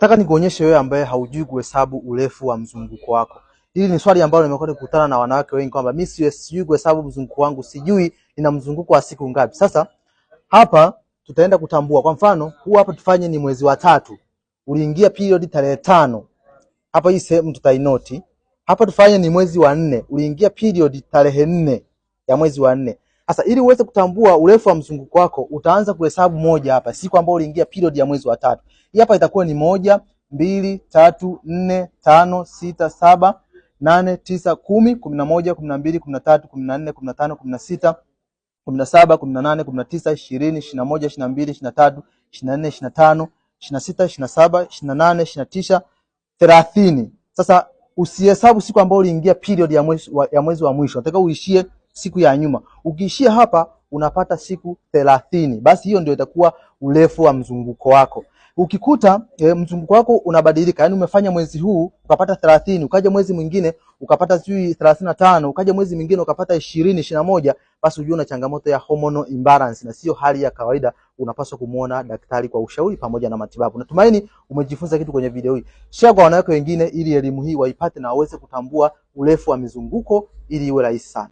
Nataka nikuonyeshe wewe ambaye haujui kuhesabu urefu wa mzunguko wako. Hili ni swali ambalo nimekuwa nikikutana na wanawake wengi kwamba mimi sijui kuhesabu mzunguko wangu, sijui nina mzunguko wa siku ngapi. Sasa hapa tutaenda kutambua. Kwa mfano, huu hapa tufanye ni mwezi wa tatu. Uliingia period tarehe tano. Hapa hii sehemu tutainoti. Hapa tufanye ni mwezi wa nne. Uliingia period tarehe nne ya mwezi wa nne. Sasa ili uweze kutambua urefu wa mzunguko wako, utaanza kuhesabu moja hapa, siku ambayo uliingia period ya mwezi wa tatu. Hii hapa itakuwa ni moja, mbili, tatu, nne, tano, sita, saba, nane, tisa, kumi, kumi na moja, kumi na mbili, kumi na tatu, kumi na nne, kumi na tano, kumi na sita, kumi na saba, kumi na nane, kumi na tisa, ishirini, ishirini na moja, ishirini na mbili, ishirini na tatu, ishirini na nne, ishirini na tano, ishirini na sita, ishirini na saba, ishirini na nane, ishirini na tisa, thelathini. Sasa usihesabu siku ambayo uliingia period ya mwezi wa, ya mwezi wa mwisho, nataka uishie siku ya nyuma. Ukiishia hapa unapata siku thelathini. Basi hiyo ndio itakuwa urefu wa mzunguko wako. Ukikuta e, mzunguko wako unabadilika, yani umefanya mwezi huu ukapata thelathini, ukaja mwezi mwingine ukapata sijui thelathini na tano, ukaja mwezi mwingine ukapata ishirini, ishirini na moja, basi ujue una changamoto ya hormonal imbalance na sio hali ya kawaida. Unapaswa kumuona daktari kwa ushauri pamoja na matibabu. Natumaini umejifunza kitu kwenye video hii. Share kwa wanawake wengine ili elimu hii waipate na waweze kutambua urefu wa mizunguko ili iwe rahisi sana.